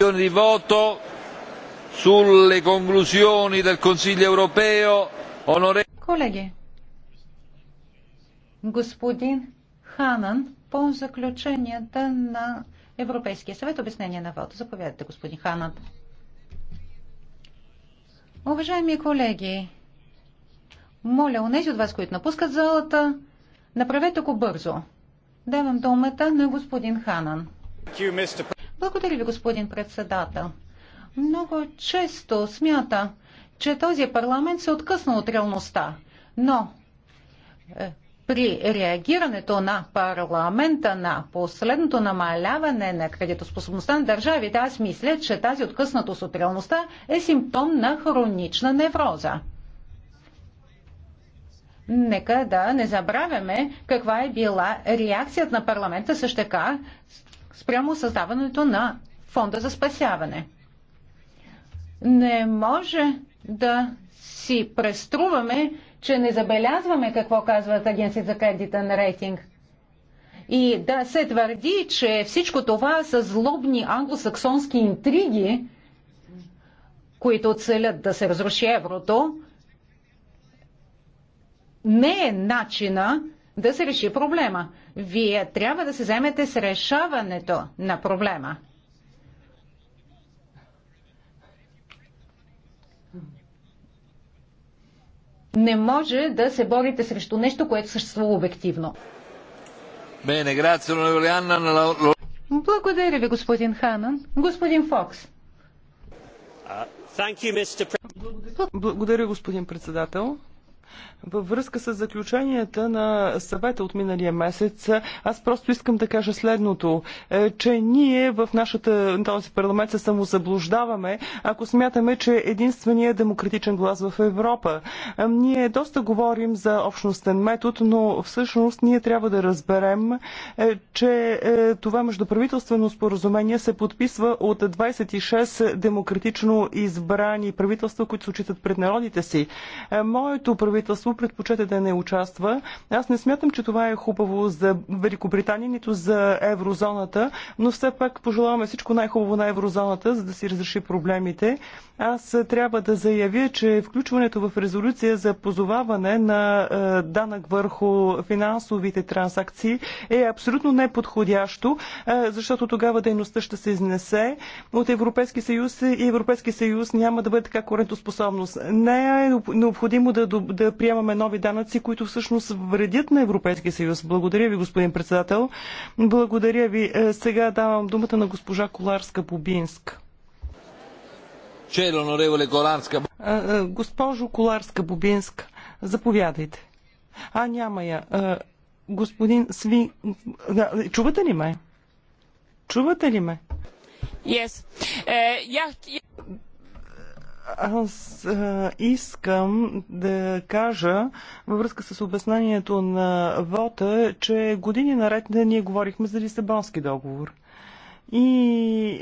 dichiarazione di voto sulle conclusioni del Consiglio europeo. Onore... Колеги, господин Ханан по заключенията на Европейския съвет обяснение на вода. Заповядайте, господин Ханан. Уважаеми колеги, моля, онези от вас, които напускат залата, направете го бързо. Давам думата на господин Ханан. Благодаря ви, господин председател. Много често смята, че този парламент се откъсна от реалността, но е, при реагирането на парламента на последното намаляване на кредитоспособността на държавите, аз мисля, че тази откъснатост от реалността е симптом на хронична невроза. Нека да не забравяме каква е била реакцията на парламента също така спрямо създаването на фонда за спасяване. Не може да си преструваме, че не забелязваме какво казват агенцията за кредитен рейтинг. И да се твърди, че всичко това са злобни англосаксонски интриги, които целят да се разруши еврото, не е начина да се реши проблема. Вие трябва да се вземете с решаването на проблема. Не може да се борите срещу нещо, което съществува обективно. Благодаря ви, господин Ханан. Господин Фокс. Uh, Благодаря, господин председател. Във връзка с заключенията на съвета от миналия месец, аз просто искам да кажа следното, е, че ние в нашата, този парламент се самозаблуждаваме, ако смятаме, че единственият демократичен глас в Европа. Е, ние доста говорим за общностен метод, но всъщност ние трябва да разберем, е, че това междуправителствено споразумение се подписва от 26 демократично избрани правителства, които се очитат пред народите си. Моето правителство правителство предпочете да не участва. Аз не смятам, че това е хубаво за Великобритания, нито за еврозоната, но все пак пожелаваме всичко най-хубаво на еврозоната, за да си разреши проблемите. Аз трябва да заявя, че включването в резолюция за позоваване на е, данък върху финансовите транзакции е абсолютно неподходящо, е, защото тогава дейността ще се изнесе от Европейски съюз и Европейски съюз няма да бъде така корентоспособност. Не е необходимо да, да приемаме нови данъци, които всъщност вредят на Европейския съюз. Благодаря ви, господин председател. Благодаря ви. Е, сега давам думата на госпожа Коларска-Бубинск. Е, е, госпожо Коларска-Бубинск, заповядайте. А, няма я. Господин Сви... Чувате ли ме? Чувате ли ме? Yes. Uh, yeah. Аз а, искам да кажа във връзка с обяснението на Вота, че години наред ние говорихме за Лисабонски договор. И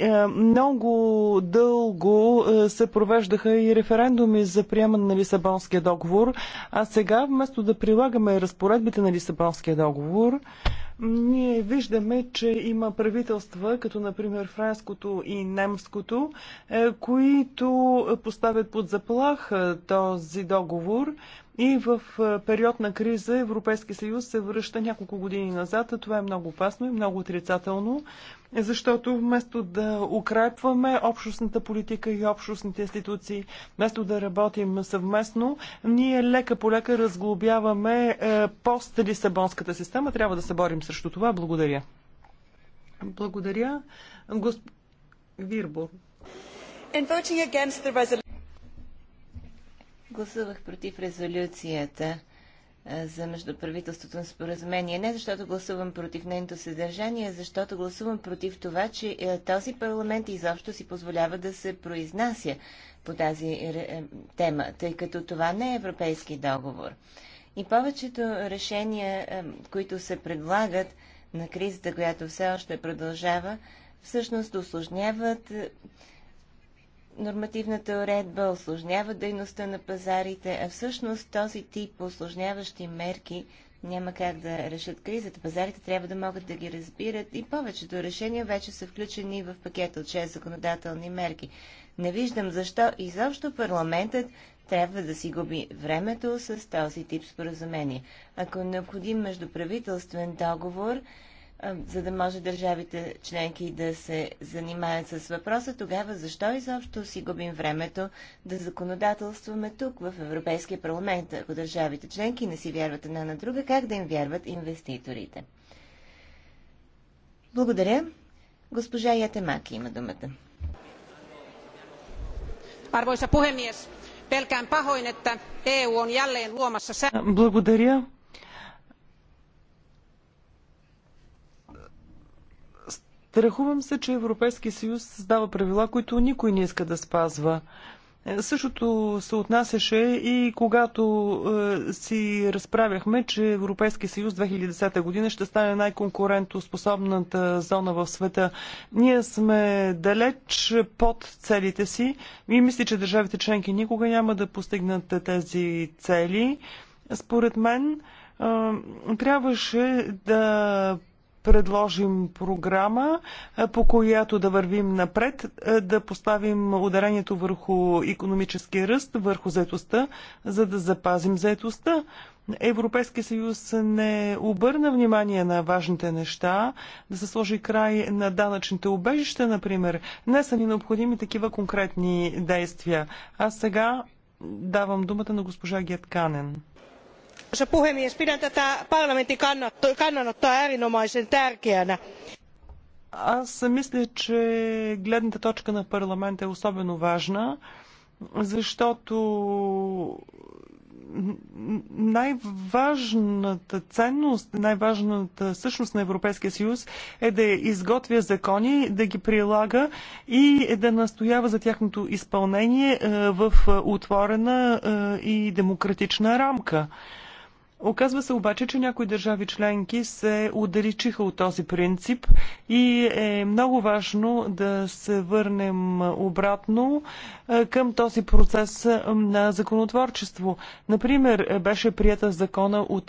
е, много дълго е, се провеждаха и референдуми за приемане на Лисабонския договор, а сега вместо да прилагаме разпоредбите на Лисабонския договор, ние виждаме, че има правителства, като например френското и немското, е, които поставят под заплаха този договор и в период на криза Европейски съюз се връща няколко години назад. Това е много опасно и много отрицателно, защото вместо да укрепваме общностната политика и общностните институции, вместо да работим съвместно, ние лека по лека разглобяваме е, пост-лисабонската система. Трябва да се борим срещу това. Благодаря. Благодаря. Госп... Вирбор. In voting against the resolution гласувах против резолюцията за междуправителството на споразумение. Не защото гласувам против нейното съдържание, а защото гласувам против това, че е, този парламент изобщо си позволява да се произнася по тази е, е, тема, тъй като това не е европейски договор. И повечето решения, които се предлагат на кризата, която все още продължава, всъщност осложняват нормативната уредба, осложнява дейността на пазарите, а всъщност този тип осложняващи мерки няма как да решат кризата. Пазарите трябва да могат да ги разбират и повечето решения вече са включени в пакета от 6 законодателни мерки. Не виждам защо изобщо парламентът трябва да си губи времето с този тип споразумение. Ако е необходим междуправителствен договор, за да може държавите членки да се занимаят с въпроса, тогава защо изобщо си губим времето да законодателстваме тук, в Европейския парламент, ако държавите членки не си вярват една на друга, как да им вярват инвеститорите? Благодаря. Госпожа Ятемаки има думата. Благодаря. Страхувам се, че Европейския съюз създава правила, които никой не иска да спазва. Е, същото се отнасяше и когато е, си разправяхме, че Европейски съюз 2010 година ще стане най-конкурентоспособната зона в света. Ние сме далеч под целите си и мисля, че държавите членки никога няма да постигнат тези цели. Според мен, е, трябваше да предложим програма, е, по която да вървим напред, е, да поставим ударението върху економическия ръст, върху заетостта, за да запазим заетостта. Европейския съюз не обърна внимание на важните неща, да се сложи край на данъчните убежища, например. Не са ни необходими такива конкретни действия. А сега давам думата на госпожа Гетканен arvoisa puhemies pidän tätä parlamentin kannanottoa äärimmäisen tärkeänä. Аз мисля, че гледната точка на парламента е особено важна, защото най-важната ценност, най-важната същност на Европейския съюз е да изготвя закони, да ги прилага и да настоява за тяхното изпълнение е, в е, отворена е, и демократична рамка. Оказва се обаче, че някои държави членки се удаличиха от този принцип и е много важно да се върнем обратно е, към този процес е, на законотворчество. Например, е, беше прията закона от,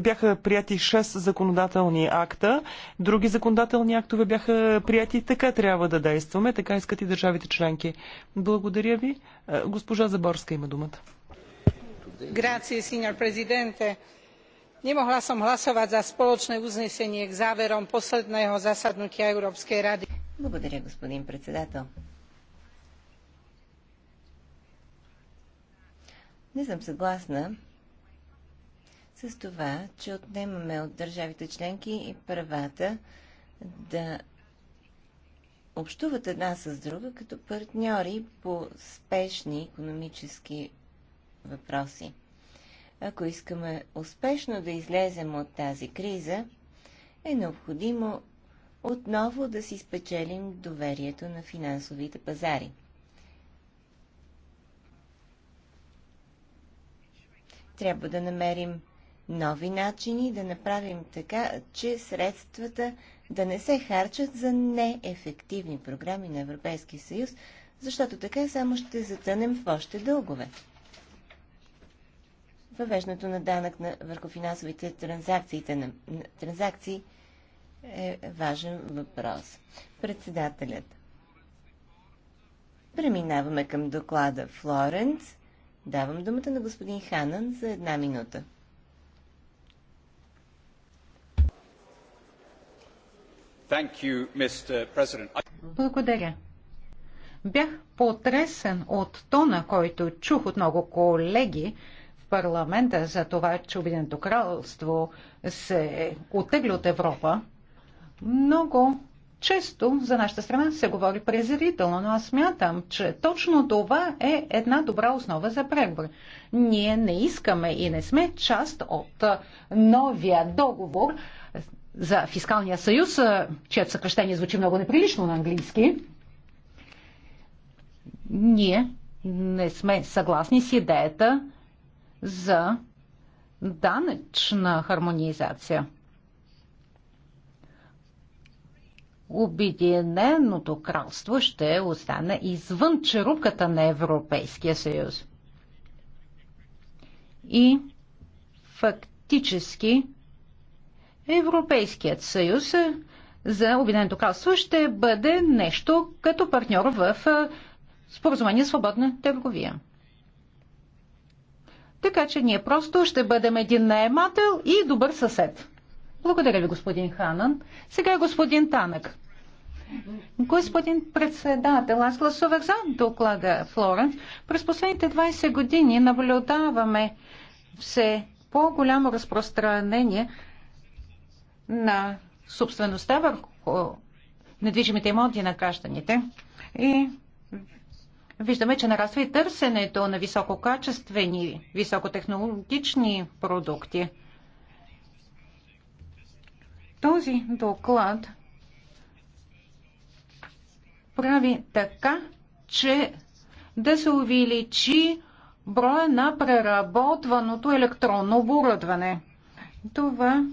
бяха прияти 6 законодателни акта, други законодателни актове бяха прияти така трябва да действаме, така искат и държавите членки. Благодаря ви. Госпожа Заборска има думата nemohla som hlasovať za spoločné uznesenie k záverom posledného zasadnutia európskej rady. Благодаря, господин председател. Не съм съгласна с това, че отнемаме от държавите членки и правата да общуват една с друга като партньори по спешни економически въпроси. Ако искаме успешно да излезем от тази криза, е необходимо отново да си спечелим доверието на финансовите пазари. Трябва да намерим нови начини да направим така, че средствата да не се харчат за неефективни програми на Европейския съюз, защото така само ще затънем в още дългове въвеждането на данък на, върху финансовите транзакциите на, на транзакции е важен въпрос. Председателят. Преминаваме към доклада Флоренц. Давам думата на господин Ханан за една минута. You, Благодаря. Бях потресен от тона, който чух от много колеги, парламента за това, че Обединеното кралство се оттегли от Европа, много често за нашата страна се говори презрително, но аз смятам, че точно това е една добра основа за преговор. Ние не искаме и не сме част от новия договор за фискалния съюз, чието съкръщение звучи много неприлично на английски. Ние не сме съгласни с идеята за данъчна хармонизация. Обединеното кралство ще остане извън черупката на Европейския съюз. И фактически Европейският съюз за Обединеното кралство ще бъде нещо като партньор в споразумение свободна търговия. Така че ние просто ще бъдем един наемател и добър съсед. Благодаря ви, господин Ханан. Сега господин Танък. Господин председател, аз гласувах за доклада Флоренс. През последните 20 години наблюдаваме все по-голямо разпространение на собствеността върху недвижимите имоти на гражданите. И виждаме, че нараства и търсенето на висококачествени, високотехнологични продукти. Този доклад прави така, че да се увеличи броя на преработваното електронно оборудване. Това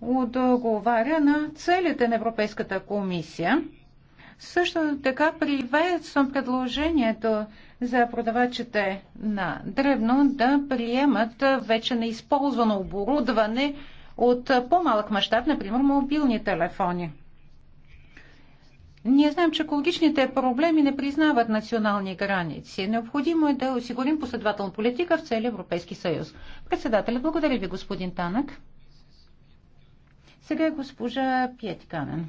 отговаря на целите на Европейската комисия също така приветствам предложението за продавачите на древно да приемат вече неизползвано оборудване от по-малък мащаб, например мобилни телефони. Ние знаем, че екологичните проблеми не признават национални граници. Необходимо е да осигурим последователна политика в целия Европейски съюз. Председателя, благодаря ви, господин Танък. Сега е госпожа Пиет Канен.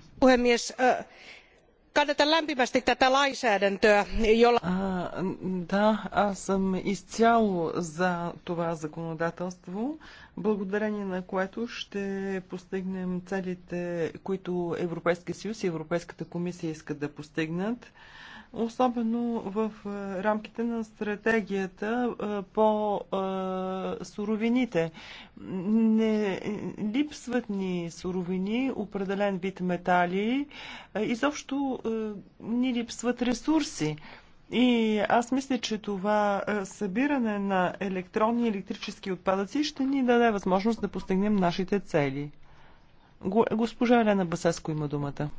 Kannatan lämpimästi tätä lainsäädäntöä, jolla... да, аз съм изцяло за това законодателство, благодарение на което ще постигнем целите, които Европейския съюз и Европейската комисия искат да постигнат особено в е, рамките на стратегията е, по е, суровините. Не липсват ни суровини, определен вид метали, изобщо ни липсват ресурси. И аз мисля, че това събиране на електронни и електрически отпадъци ще ни даде възможност да постигнем нашите цели. Госпожа Елена Басеско има думата.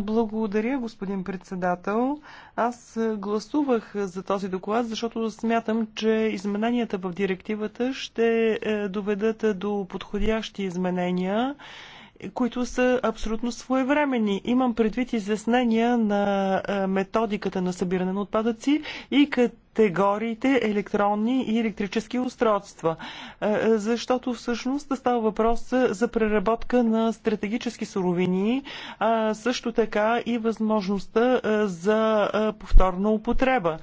Благодаря, господин председател. Аз гласувах за този доклад, защото смятам, че измененията в директивата ще е, доведат до подходящи изменения които са абсолютно своевремени. Имам предвид изяснения на е, методиката на събиране на отпадъци и като категориите електронни и електрически устройства. Е, защото всъщност става въпрос за преработка на стратегически суровини, а също така и възможността е, за е, повторна употреба.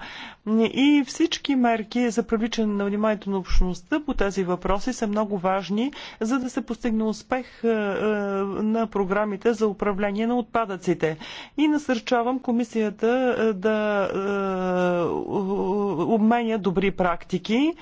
И всички мерки за привличане на вниманието на общността по тези въпроси са много важни, за да се постигне успех на програмите за управление на отпадъците. И насърчавам комисията да обменя добри практики.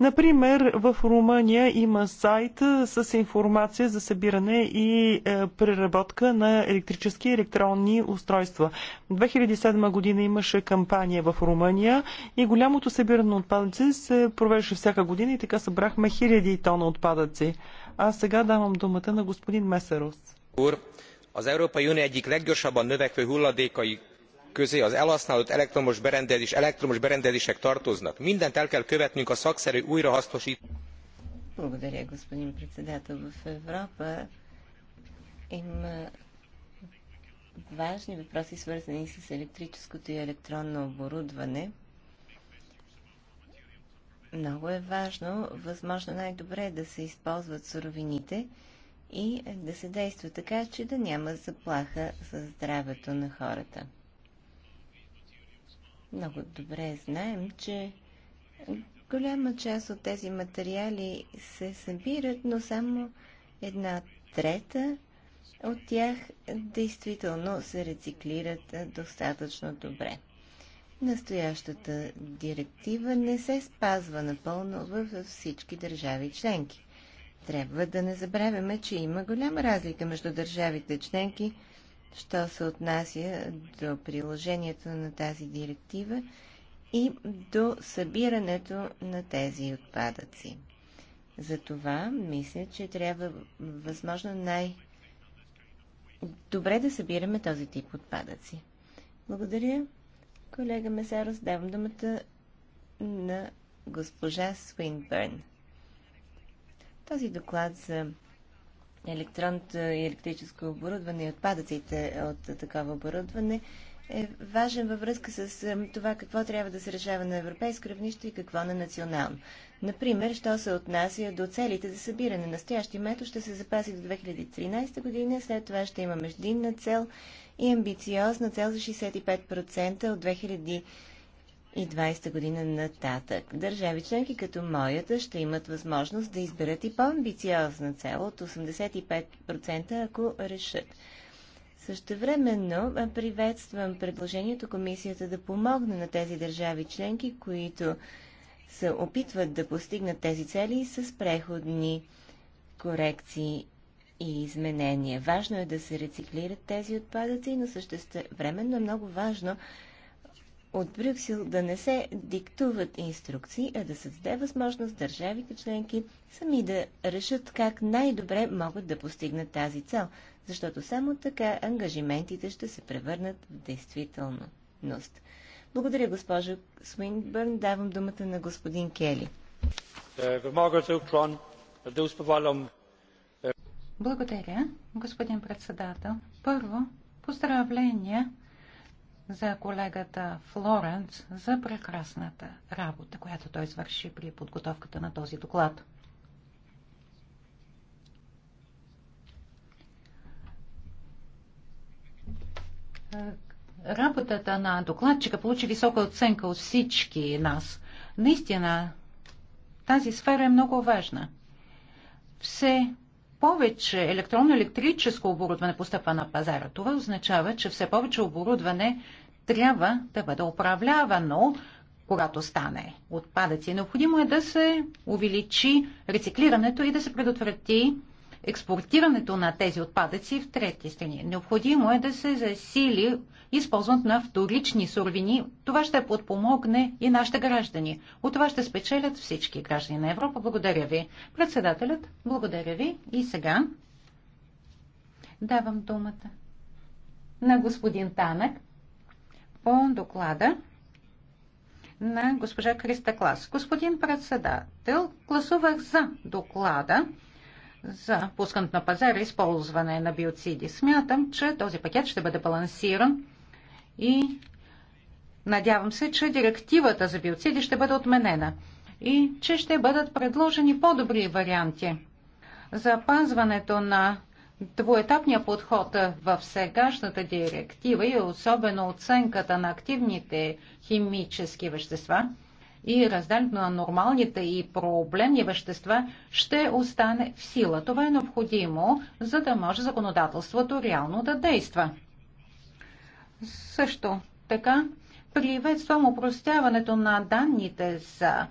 Например, в Румъния има сайт с информация за събиране и е, преработка на електрически и електронни устройства. 2007 година имаше кампания в Румъния и голямото събиране на отпадъци се провеждаше всяка година и така събрахме хиляди тона отпадъци. А сега давам думата на господин Месерос. Az Európai Unió egyik leggyorsabban növekvő hulladékai közé az elhasználódott elektromos berendezés elektromos berendezések tartoznak. mindent el kell követnünk a szakszerű újrahasznostás. Благодаря, господин председател. В Европа има важни въпроси, свързани с електрическото и електронно оборудване. Много е важно, възможно най-добре да се използват суровините и да се действа така, че да няма заплаха за здравето на хората. Много добре знаем, че голяма част от тези материали се събират, но само една трета от тях действително се рециклират достатъчно добре. Настоящата директива не се спазва напълно във всички държави членки. Трябва да не забравяме, че има голяма разлика между държавите членки – що се отнася до приложението на тази директива и до събирането на тези отпадъци. Затова мисля, че трябва възможно най- добре да събираме този тип отпадъци. Благодаря. Колега Месарос, давам думата на госпожа Свинбърн. Този доклад за електронното и е, електрическо оборудване и отпадъците от такова оборудване е важен във връзка с е, това какво трябва да се решава на европейско равнище и какво на национално. Например, що се отнася до целите за събиране. Настоящи метод ще се запази до 2013 година, след това ще има междинна цел и амбициозна цел за 65% от 2000 2020 година нататък. Държави членки като моята ще имат възможност да изберат и по-амбициозна цел от 85%, ако решат. Същевременно приветствам предложението комисията да помогне на тези държави членки, които се опитват да постигнат тези цели с преходни корекции и изменения. Важно е да се рециклират тези отпадъци, но също е много важно от Брюксел да не се диктуват инструкции, а да създаде възможност държавите членки сами да решат как най-добре могат да постигнат тази цел, защото само така ангажиментите ще се превърнат в действителност. Благодаря, госпожо Свинбърн. Давам думата на господин Кели. Благодаря, господин председател. Първо, поздравления за колегата Флоренц за прекрасната работа, която той свърши при подготовката на този доклад. Работата на докладчика получи висока оценка от всички нас. Наистина, тази сфера е много важна. Все повече електронно-електрическо оборудване постъпва на пазара, това означава, че все повече оборудване трябва да бъде управлявано, когато стане отпадъци. Необходимо е да се увеличи рециклирането и да се предотврати експортирането на тези отпадъци в трети страни. Необходимо е да се засили използването на вторични суровини. Това ще подпомогне и нашите граждани. От това ще спечелят всички граждани на Европа. Благодаря ви. Председателят, благодаря ви. И сега давам думата на господин Танък по доклада на госпожа Криста Клас. Господин председател, гласувах за доклада, за пускането на пазара и използване на биоциди. Смятам, че този пакет ще бъде балансиран и надявам се, че директивата за биоциди ще бъде отменена и че ще бъдат предложени по-добри варианти. за пазването на двуетапния подход в сегашната директива и особено оценката на активните химически вещества – и разделението на нормалните и проблемни вещества ще остане в сила. Това е необходимо, за да може законодателството реално да действа. Също така приветствам упростяването на данните за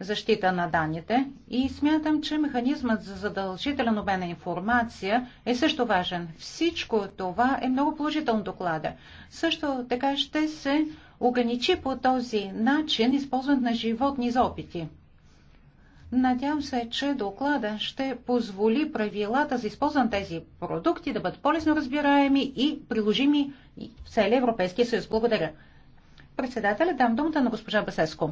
защита на данните и смятам, че механизмът за задължителен обмен на информация е също важен. Всичко това е много положително доклада. Също така ще се ограничи по този начин използването на животни за опити. Надявам се, че доклада ще позволи правилата за използване на тези продукти да бъдат по-лесно разбираеми и приложими в целия Европейския съюз. Благодаря. Председателя, дам думата на госпожа Басеско.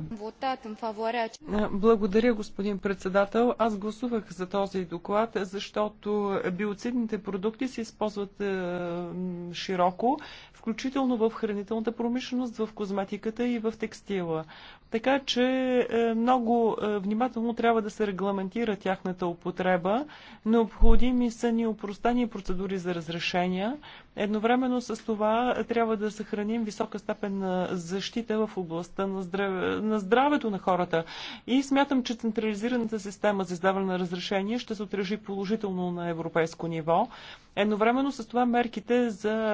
Благодаря, господин председател. Аз гласувах за този доклад, защото биоцидните продукти се използват е, широко включително в хранителната промишленост, в козметиката и в текстила. Така че е, много е, внимателно трябва да се регламентира тяхната употреба. Необходими са ни опростани процедури за разрешения, Едновременно с това трябва да съхраним висока степен на защита в областта на, здраве, на здравето на хората. И смятам, че централизираната система за издаване на разрешение ще се отражи положително на европейско ниво. Едновременно с това мерките за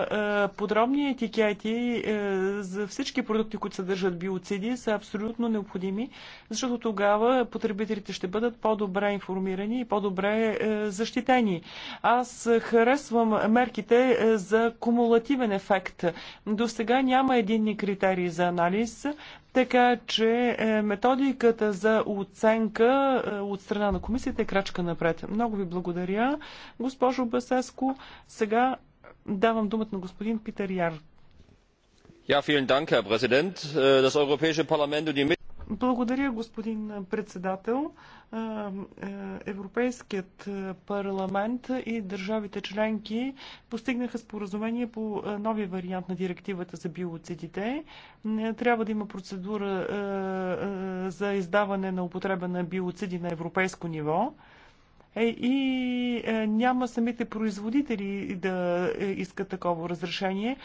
е, подробни етикети е, за всички продукти, които съдържат биоциди, са абсолютно необходими, защото тогава потребителите ще бъдат по-добре информирани и по-добре е, защитени. Аз харесвам мерките за е, за кумулативен ефект. До сега няма единни критерии за анализ, така че е, методиката за оценка е, от страна на комисията е крачка напред. Много ви благодаря, госпожо Басеско. Сега давам думата на господин Питер Яр. Ja, vielen Dank, Herr Präsident. Äh, das Europäische Parlament und die благодаря, господин председател. Европейският парламент и държавите членки постигнаха споразумение по новия вариант на директивата за биоцидите. Е, трябва да има процедура за издаване на употреба на биоциди на европейско ниво е, и е, няма самите производители да искат такова разрешение.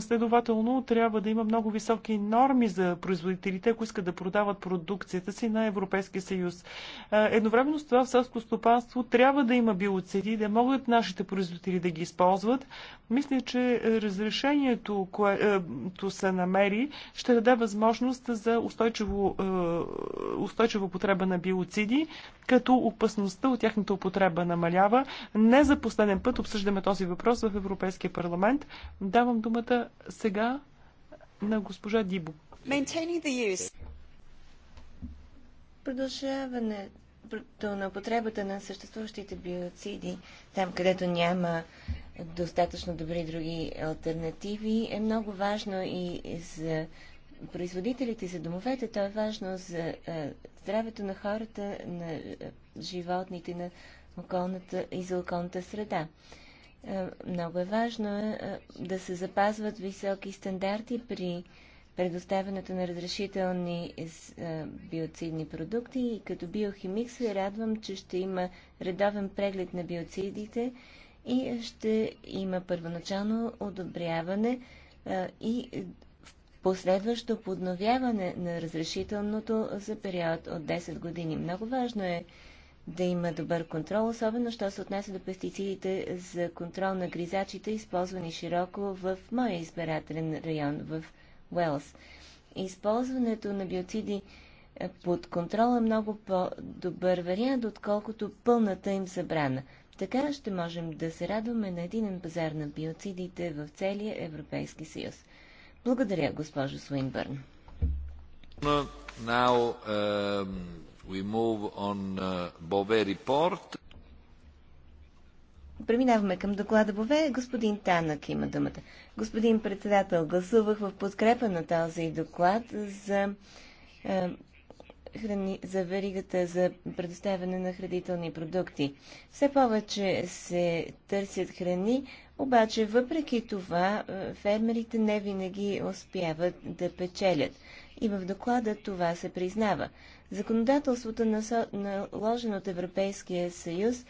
Следователно, трябва да има много високи норми за производителите, ако искат да продават продукцията си на Европейския съюз. Едновременно с това в селско стопанство трябва да има биоцеди, да могат нашите производители да ги използват. Мисля, че разрешението, което се намери, ще даде възможност за устойчиво, устойчиво потреба на биоциди, като опасността от тяхната употреба намалява. Не за последен път обсъждаме този въпрос в Европейския парламент. Давам думата сега на госпожа Дибо. Продължаването на употребата на съществуващите биоциди, там където няма достатъчно добри други альтернативи, е много важно и за производителите, за домовете. То е важно за здравето на хората, на животните, на околната и за околната среда. Е, много е важно е, е, да се запазват високи стандарти при предоставянето на разрешителни биоцидни продукти и като биохимик се радвам, че ще има редовен преглед на биоцидите и ще има първоначално одобряване и последващо подновяване на разрешителното за период от 10 години. Много важно е да има добър контрол, особено що се отнася до пестицидите за контрол на гризачите, използвани широко в моя избирателен район в Уелс. Използването на биоциди е, под контрол е много по-добър вариант, отколкото пълната им забрана. Така ще можем да се радваме на един пазар на биоцидите в целия Европейски съюз. Благодаря, госпожо Суинбърн. Now, um... We move on uh, Преминаваме към доклада Бове. Господин Танък има думата. Господин председател, гласувах в подкрепа на този доклад за, е, храни, за веригата за предоставяне на хранителни продукти. Все повече се търсят храни, обаче въпреки това е, фермерите не винаги успяват да печелят. И в доклада това се признава. Законодателството, наложено от Европейския съюз,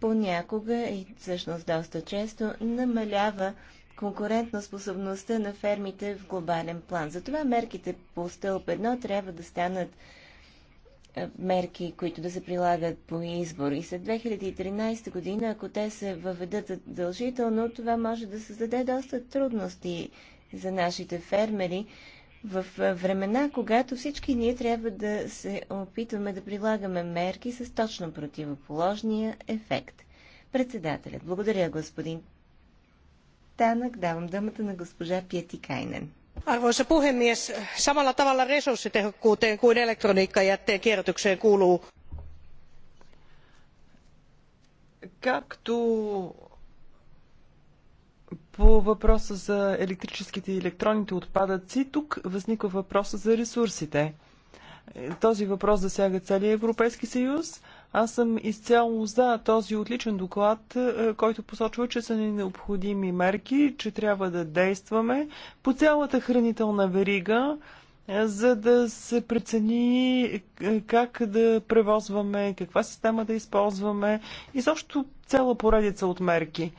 понякога и всъщност доста често намалява конкурентна способността на фермите в глобален план. Затова мерките по стълб 1 трябва да станат мерки, които да се прилагат по избор. И след 2013 година, ако те се въведат задължително, това може да създаде доста трудности за нашите фермери, в времена, когато всички ние трябва да се опитваме да прилагаме мерки с точно противоположния ефект. Председателят, благодаря господин Танък, давам думата на госпожа Пети Кайнен. Arvoisa puhemies, samalla tavalla resurssitehokkuuteen kuin elektroniikkajätteen kierrätykseen kuuluu. Както по въпроса за електрическите и електронните отпадъци, тук възниква въпроса за ресурсите. Е, този въпрос засяга целия Европейски съюз. Аз съм изцяло за този отличен доклад, е, който посочва, че са ни необходими мерки, че трябва да действаме по цялата хранителна верига, е, за да се прецени как да превозваме, каква система да използваме и също цяла поредица от мерки.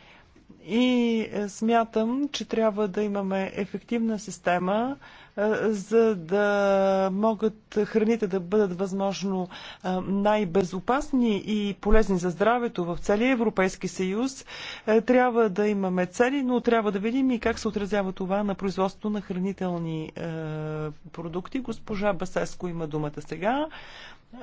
И е, смятам, че трябва да имаме ефективна система, е, за да могат храните да бъдат възможно е, най-безопасни и полезни за здравето в целия Европейски съюз. Трябва да имаме цели, но трябва да видим и как се отразява това на производството на хранителни продукти. Госпожа Басеско има думата сега.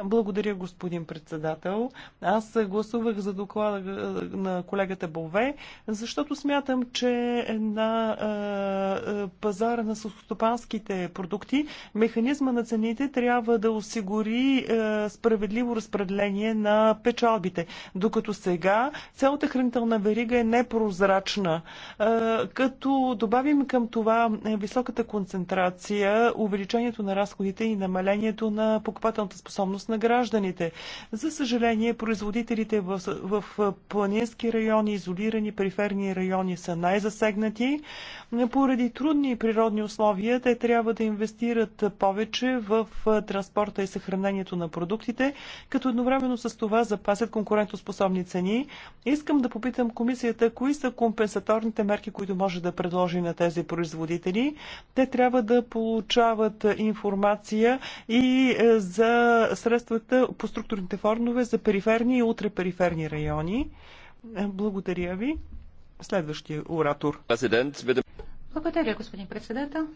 Благодаря, господин председател. Аз гласувах за доклада е, на колегата Бове, защото смятам, че на е, е, пазара на сухостопанските продукти механизма на цените трябва да осигури справедливо разпределение на печалбите. Докато сега цялата хранителна верига е непрозрачна. Като добавим към това високата концентрация, увеличението на разходите и намалението на покупателната способност, сигурност на гражданите. За съжаление, производителите в, в планински райони, изолирани периферни райони са най-засегнати. Поради трудни природни условия, те трябва да инвестират повече в транспорта и съхранението на продуктите, като едновременно с това запасят конкурентоспособни цени. Искам да попитам комисията, кои са компенсаторните мерки, които може да предложи на тези производители. Те трябва да получават информация и е, за средствата по структурните фондове за периферни и ултрапериферни райони. Е, благодаря ви. Следващия оратор. Благодаря, господин председател.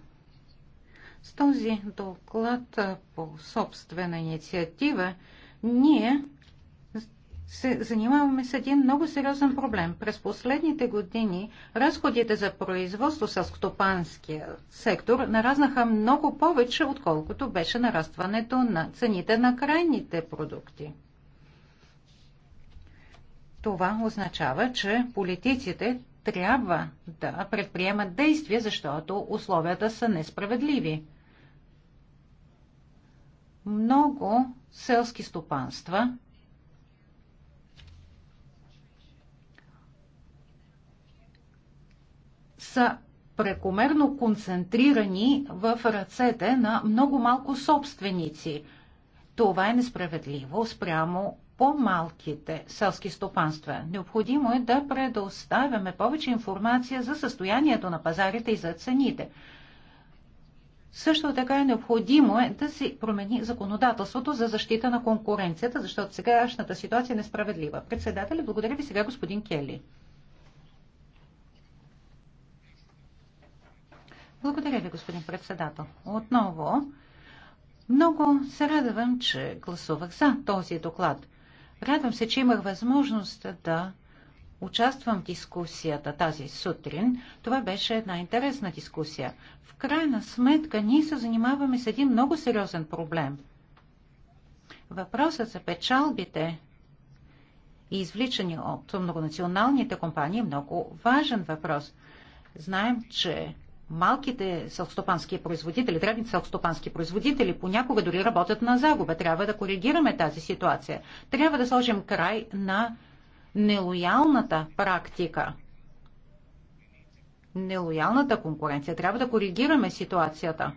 С този доклад по собствена инициатива ние се занимаваме с един много сериозен проблем. През последните години разходите за производство с стопанския сектор нараснаха много повече, отколкото беше нарастването на цените на крайните продукти. Това означава, че политиците трябва да предприемат действия, защото условията са несправедливи. Много селски стопанства са прекомерно концентрирани в ръцете на много малко собственици. Това е несправедливо спрямо по-малките селски стопанства. Необходимо е да предоставяме повече информация за състоянието на пазарите и за цените. Също така е необходимо е да се промени законодателството за защита на конкуренцията, защото сегашната ситуация е несправедлива. Председателя, благодаря ви сега господин Кели. Благодаря ви, господин председател. Отново много се радвам, че гласувах за този доклад. Радвам се, че имах възможност да участвам в дискусията тази сутрин. Това беше една интересна дискусия. В крайна сметка ние се занимаваме с един много сериозен проблем. Въпросът за печалбите и извличани от многонационалните компании е много важен въпрос. Знаем, че малките селстопански производители, древните селстопански производители понякога дори работят на загуба. Трябва да коригираме тази ситуация. Трябва да сложим край на нелоялната практика. Нелоялната конкуренция. Трябва да коригираме ситуацията.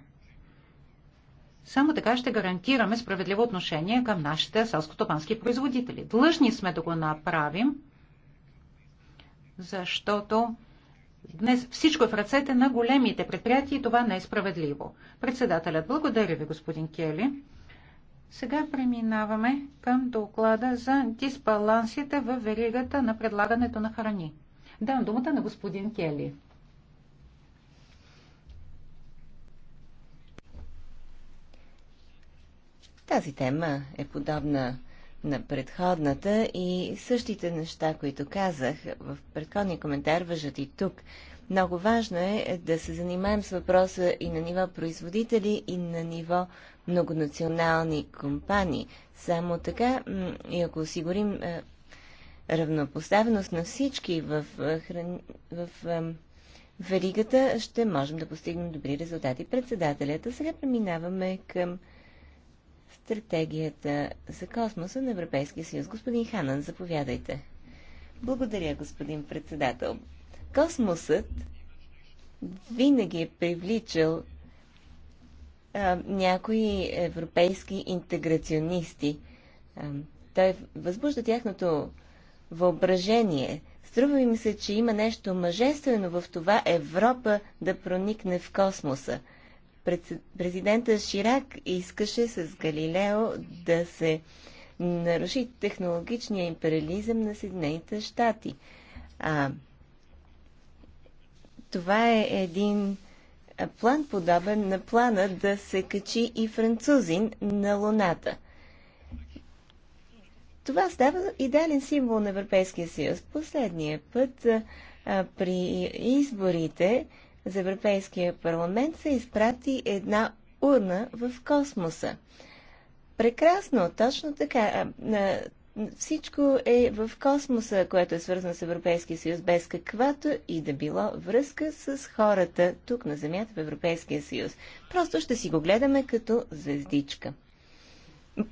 Само така ще гарантираме справедливо отношение към нашите селскотопански производители. Длъжни сме да го направим, защото Днес всичко е в ръцете на големите предприятия и това не е справедливо. Председателят, благодаря ви, господин Кели. Сега преминаваме към доклада за дисбалансите в веригата на предлагането на храни. Дам думата на господин Кели. Тази тема е подобна на предходната и същите неща, които казах в предходния коментар, въжат и тук. Много важно е да се занимаем с въпроса и на ниво производители, и на ниво многонационални компании. Само така, и ако осигурим е, равнопоставеност на всички в, е, хран... в е, веригата, ще можем да постигнем добри резултати. Председателята, сега преминаваме към стратегията за космоса на Европейския съюз. Господин Ханан, заповядайте. Благодаря, господин председател. Космосът винаги е привличал а, някои европейски интеграционисти. А, той възбужда тяхното въображение. Струва ми се, че има нещо мъжествено в това Европа да проникне в космоса – Президента Ширак искаше с Галилео да се наруши технологичния империализъм на Съединените щати. А, това е един план подобен на плана да се качи и французин на Луната. Това става идеален символ на Европейския съюз. Последния път а, при изборите за Европейския парламент се изпрати една урна в космоса. Прекрасно, точно така. Всичко е в космоса, което е свързано с Европейския съюз, без каквато и да било връзка с хората тук на Земята в Европейския съюз. Просто ще си го гледаме като звездичка.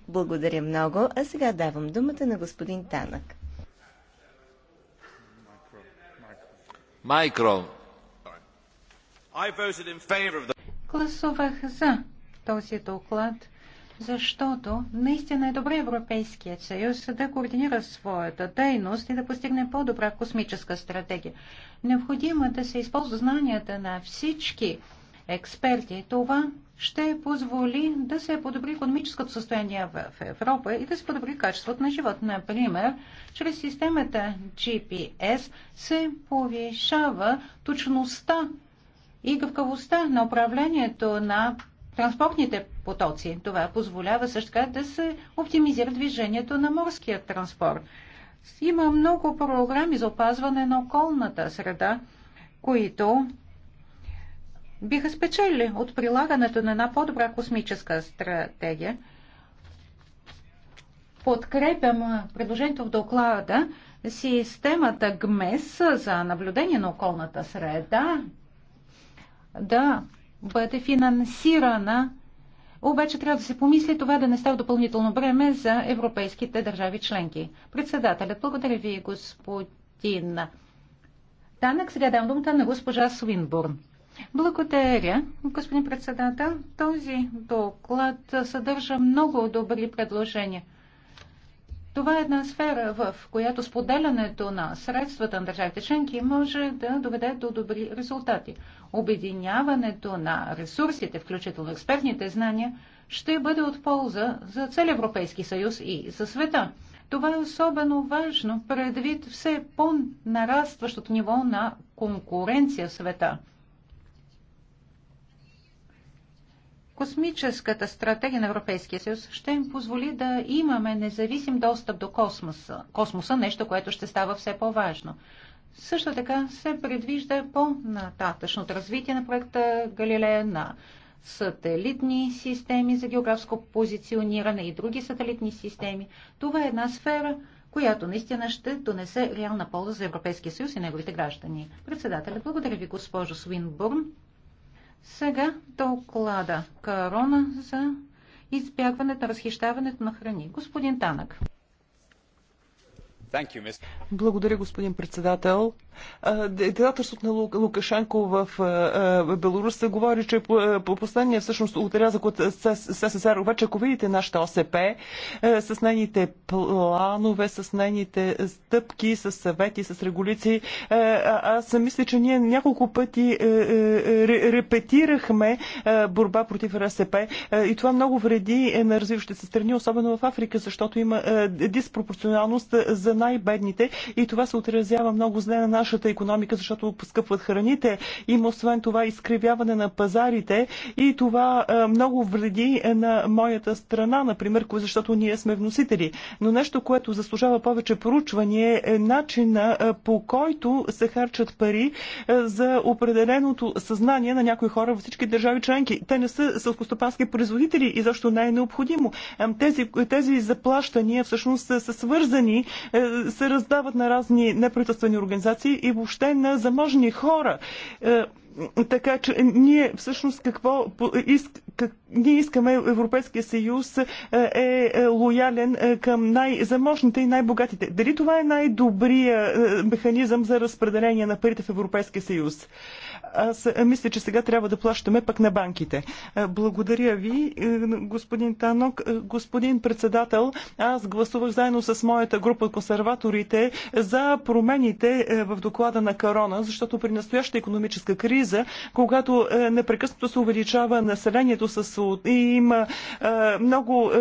Благодаря много, а сега давам думата на господин Танък. Майкро. Гласувах за този доклад, защото наистина е добре Европейският съюз да координира своята дейност и да постигне по-добра космическа стратегия. Необходимо е да се използва знанията на всички експерти. Това ще позволи да се подобри економическото състояние в Европа и да се подобри качеството на живот. Например, чрез системата GPS се повишава точността и гъвкавостта на управлението на транспортните потоци. Това позволява също така да се оптимизира движението на морския транспорт. Има много програми за опазване на околната среда, които биха спечели от прилагането на една по-добра космическа стратегия. Подкрепям предложението в доклада системата ГМЕС за наблюдение на околната среда да бъде финансирана, обаче трябва да се помисли това да не става допълнително време за европейските държави членки. Председателят, благодаря ви, господин Танък. Сега дам думата на госпожа Свинбурн. Благодаря, господин председател. Този доклад съдържа много добри предложения. Това е една сфера, в която споделянето на средствата на държавите членки може да доведе до добри резултати. Обединяването на ресурсите, включително експертните знания, ще бъде от полза за цел Европейски съюз и за света. Това е особено важно предвид все по-нарастващото ниво на конкуренция в света – Космическата стратегия на Европейския съюз ще им позволи да имаме независим достъп до космоса, космоса нещо, което ще става все по-важно. Също така се предвижда по-нататъчното развитие на проекта Галилея на сателитни системи за географско позициониране и други сателитни системи. Това е една сфера, която наистина ще донесе реална полза за Европейския съюз и неговите граждани. Председателят, благодаря ви, госпожо Свинбурн. Сега доклада Карона за избягването на разхищаването на храни. Господин Танък. Благодаря, господин председател. Диктаторството на Лукашенко в Беларус се говори, че по последния всъщност отрязък от СССР, обаче ако видите нашата ОСП е, с нейните планове, с нейните стъпки, с съвети, с регулиции, е, аз мисля, че ние няколко пъти е, репетирахме борба против РСП и това много вреди на развиващите се страни, особено в Африка, защото има диспропорционалност за най-бедните и това се отразява много зле на нашата економика, защото поскъпват храните. Има освен това изкривяване на пазарите и това е, много вреди е, на моята страна, например, защото ние сме вносители. Но нещо, което заслужава повече поручване е начина е, по който се харчат пари за определеното съзнание на някои хора във всички държави членки. Те не са сълскостопански производители и защо не е необходимо. Тези, тези заплащания всъщност са свързани, се раздават на разни неправителствени организации бедности и въобще на заможни хора. Е, така че ние всъщност какво как, ние искаме Европейския съюз е, е, е лоялен към най-заможните и най-богатите. Дали това е най-добрия механизъм за разпределение на парите в Европейския съюз? аз мисля, че сега трябва да плащаме пък на банките. Благодаря ви, е, господин Танок. Е, господин председател, аз гласувах заедно с моята група консерваторите за промените е, в доклада на Карона, защото при настояща економическа криза, когато непрекъснато се увеличава населението с... и има много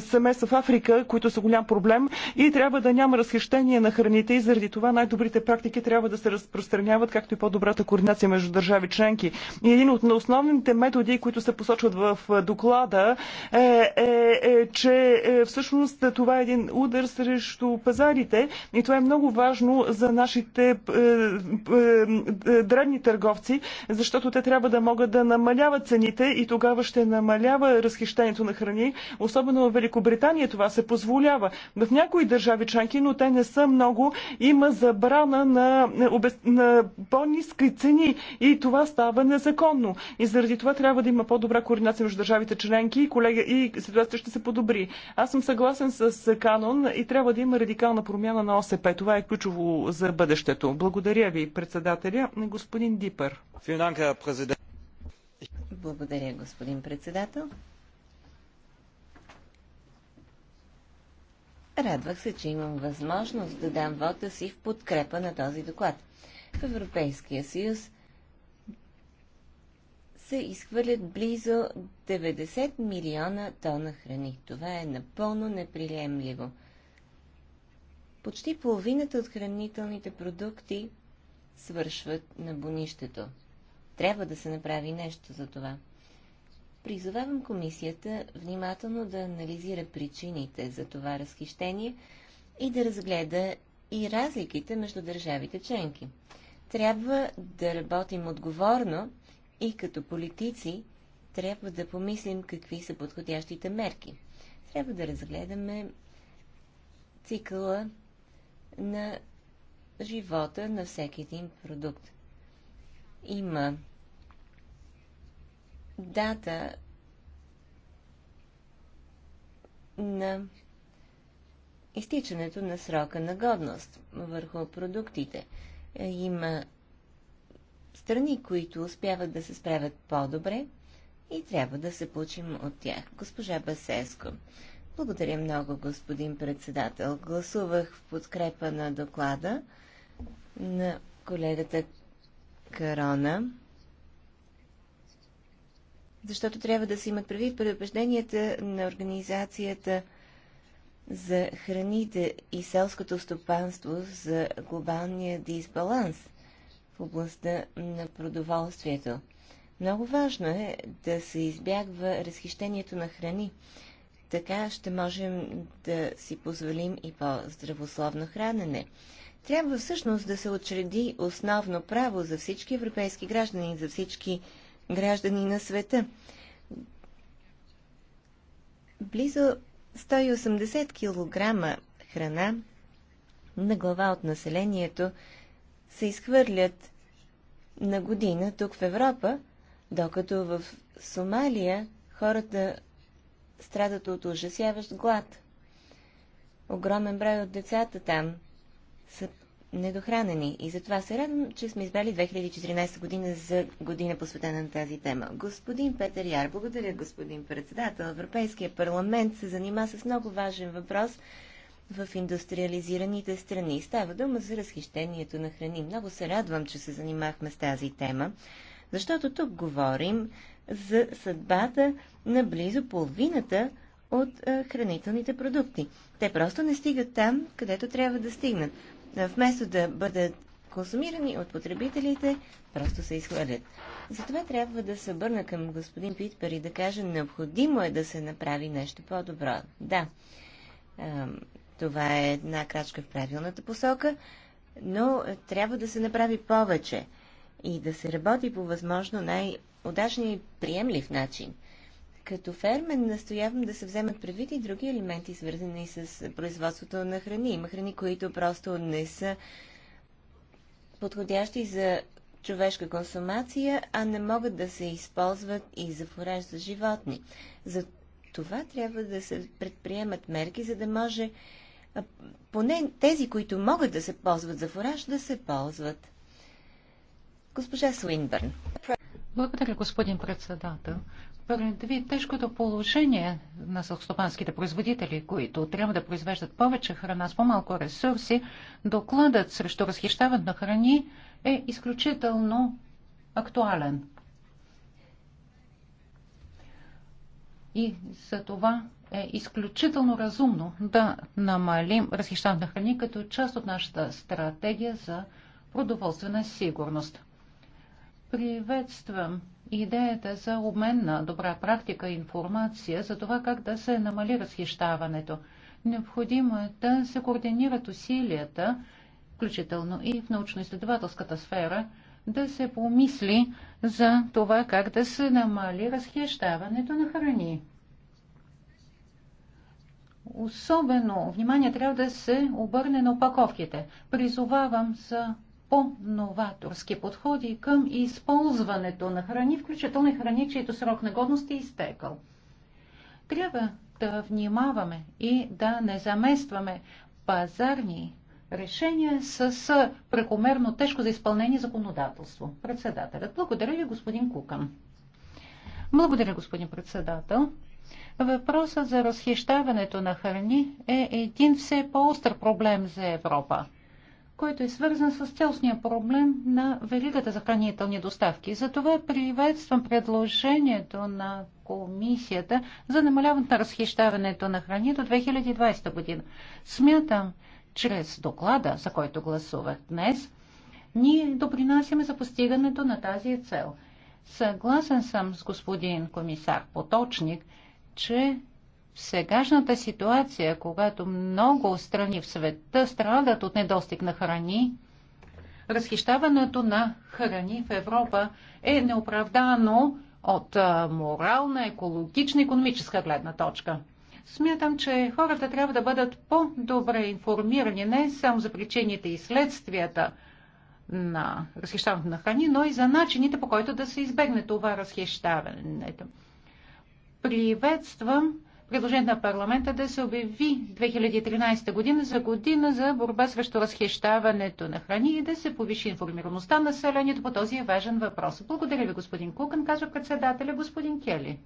семейства в Африка, които са голям проблем и трябва да няма разхищение на храните и заради това най-добрите практики трябва да се разпространяват, както и по-добрата координация съгласие между държави членки. И един от основните методи, които се посочват в доклада, е, е, е че е, всъщност това е един удар срещу пазарите и това е много важно за нашите е, е, е древни търговци, защото те трябва да могат да намаляват цените и тогава ще намалява разхищението на храни. Особено в Великобритания това се позволява. В някои държави членки, но те не са много, има забрана на, на по-низки цени и това става незаконно. И заради това трябва да има по-добра координация между държавите членки и, колега, и ситуацията ще се подобри. Аз съм съгласен с Канон и трябва да има радикална промяна на ОСП. Това е ключово за бъдещето. Благодаря ви, председателя, господин Дипър. Благодаря, господин председател. Радвах се, че имам възможност да дам вота си в подкрепа на този доклад. В Европейския съюз се изхвърлят близо 90 милиона тона храни. Това е напълно неприемливо. Почти половината от хранителните продукти свършват на бонището. Трябва да се направи нещо за това. Призовавам комисията внимателно да анализира причините за това разхищение и да разгледа и разликите между държавите членки. Трябва да работим отговорно, и като политици трябва да помислим какви са подходящите мерки. Трябва да разгледаме цикъла на живота на всеки един продукт. Има дата на изтичането на срока на годност върху продуктите. Има страни, които успяват да се справят по-добре и трябва да се получим от тях. Госпожа Басеско. Благодаря много, господин председател. Гласувах в подкрепа на доклада на колегата Карона, защото трябва да се имат прави предупрежденията на Организацията за храните и селското стопанство за глобалния дисбаланс – в областта на продоволствието. Много важно е да се избягва разхищението на храни. Така ще можем да си позволим и по-здравословно хранене. Трябва всъщност да се отчреди основно право за всички европейски граждани, за всички граждани на света. Близо 180 кг храна на глава от населението се изхвърлят на година тук в Европа, докато в Сомалия хората страдат от ужасяващ глад. Огромен брой от децата там са недохранени и затова се радвам, че сме избрали 2014 година за година посветена на тази тема. Господин Петър Яр, благодаря господин председател. Европейския парламент се занима с много важен въпрос в индустриализираните страни. Става дума за разхищението на храни. Много се радвам, че се занимахме с тази тема, защото тук говорим за съдбата на близо половината от хранителните продукти. Те просто не стигат там, където трябва да стигнат. Вместо да бъдат консумирани от потребителите, просто се изхвърлят. Затова трябва да се обърна към господин Питпер и да кажа, необходимо е да се направи нещо по-добро. Да, това е една крачка в правилната посока, но трябва да се направи повече и да се работи по възможно най-удачния и приемлив начин. Като фермен настоявам да се вземат предвид и други елементи, свързани с производството на храни. Има храни, които просто не са подходящи за човешка консумация, а не могат да се използват и за фураж за животни. За това трябва да се предприемат мерки, за да може поне тези, които могат да се ползват за фураж, да се ползват. Госпожа Суинбърн. Благодаря, господин председател. Предвид тежкото положение на селскостопанските производители, които трябва да произвеждат повече храна с по-малко ресурси, докладът срещу разхищават на храни е изключително актуален. И за това е изключително разумно да намалим разхищаването на храни като част от нашата стратегия за продоволствена сигурност. Приветствам идеята за обмен на добра практика и информация за това как да се намали разхищаването. Необходимо е да се координират усилията, включително и в научно-изследователската сфера, да се помисли за това как да се намали разхищаването на храни. Особено внимание трябва да се обърне на опаковките. Призовавам за по-новаторски подходи към използването на храни, включително и храни, чието срок на годност е изтекал. Трябва да внимаваме и да не заместваме пазарни решения с прекомерно тежко за изпълнение законодателство. Председателят. Благодаря ви, господин Кукан. Благодаря, господин председател. Въпросът за разхищаването на храни е един все по-остър проблем за Европа, който е свързан с целостния проблем на веригата за хранителни доставки. Затова приветствам предложението на комисията за намаляването на разхищаването на храни до 2020 година. Смятам, чрез доклада, за който гласувах днес, ние допринасяме за постигането на тази цел. Съгласен съм с господин комисар Поточник – че в сегашната ситуация, когато много страни в света страдат от недостиг на храни, разхищаването на храни в Европа е неоправдано от морална, екологична, економическа гледна точка. Смятам, че хората трябва да бъдат по-добре информирани не само за причините и следствията на разхищаването на храни, но и за начините по който да се избегне това разхищаването приветствам предложението на парламента да се обяви 2013 година за година за борба срещу разхищаването на храни и да се повиши информираността на населението по този важен въпрос. Благодаря ви, господин Кукън, казва председателя господин Кели.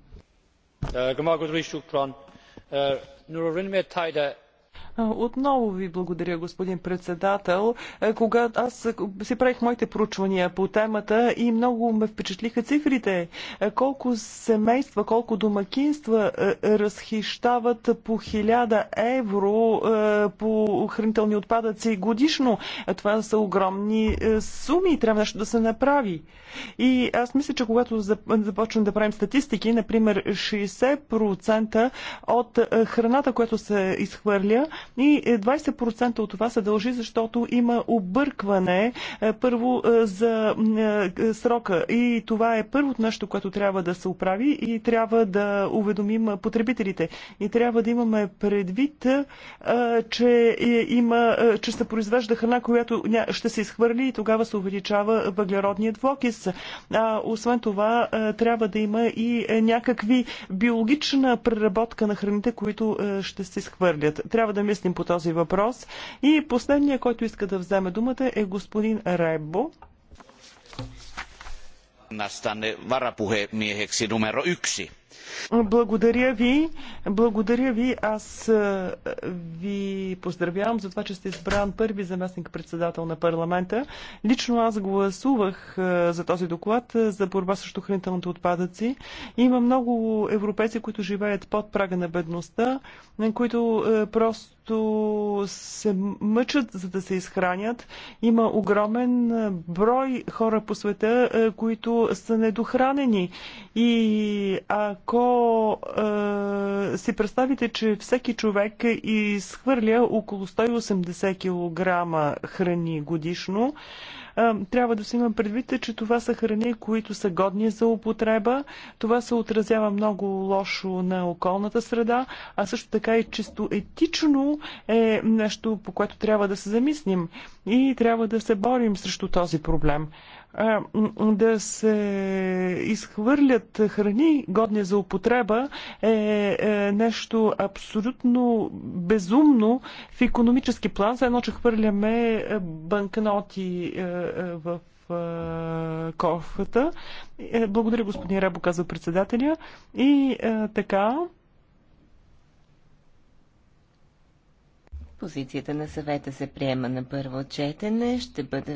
Отново ви благодаря, господин председател. Е, когато аз си правих моите проучвания по темата и много ме впечатлиха цифрите. Е, колко семейства, колко домакинства е, разхищават по 1000 евро по хранителни отпадъци годишно. Това са огромни суми и трябва нещо да се направи. И аз мисля, че когато започнем да правим статистики, например 60% от храната, която се изхвърля, и 20% е, от това се дължи, защото има объркване е, първо е, за срока. И това е първото нещо, което трябва да се оправи и трябва да уведомим потребителите. И трябва да имаме предвид, че, има, че се произвежда храна, която ще се изхвърли и тогава се увеличава въглеродният влокис. А, освен това, трябва да има и някакви биологична преработка на храните, които ще се изхвърлят. Трябва да мисля изясним по този въпрос. И последния, който иска да вземе думата е господин Ребо. Nastanne varapuhemieheksi numero yksi. Благодаря ви. Благодаря ви. Аз ви поздравявам за това, че сте избран първи заместник председател на парламента. Лично аз гласувах за този доклад за борба срещу хранителните отпадъци. Има много европейци, които живеят под прага на бедността, които просто се мъчат за да се изхранят. Има огромен брой хора по света, които са недохранени. И ако ако е, си представите, че всеки човек изхвърля около 180 кг храни годишно, е, трябва да се има предвид, че това са храни, които са годни за употреба. Това се отразява много лошо на околната среда, а също така и чисто етично е нещо, по което трябва да се замислим и трябва да се борим срещу този проблем да се изхвърлят храни, годни за употреба, е, е нещо абсолютно безумно в економически план, за едно, че хвърляме е, банкноти е, в кофата. Благодаря господин Ребо, казва председателя. И така. Позицията на съвета се приема на първо четене. Ще бъде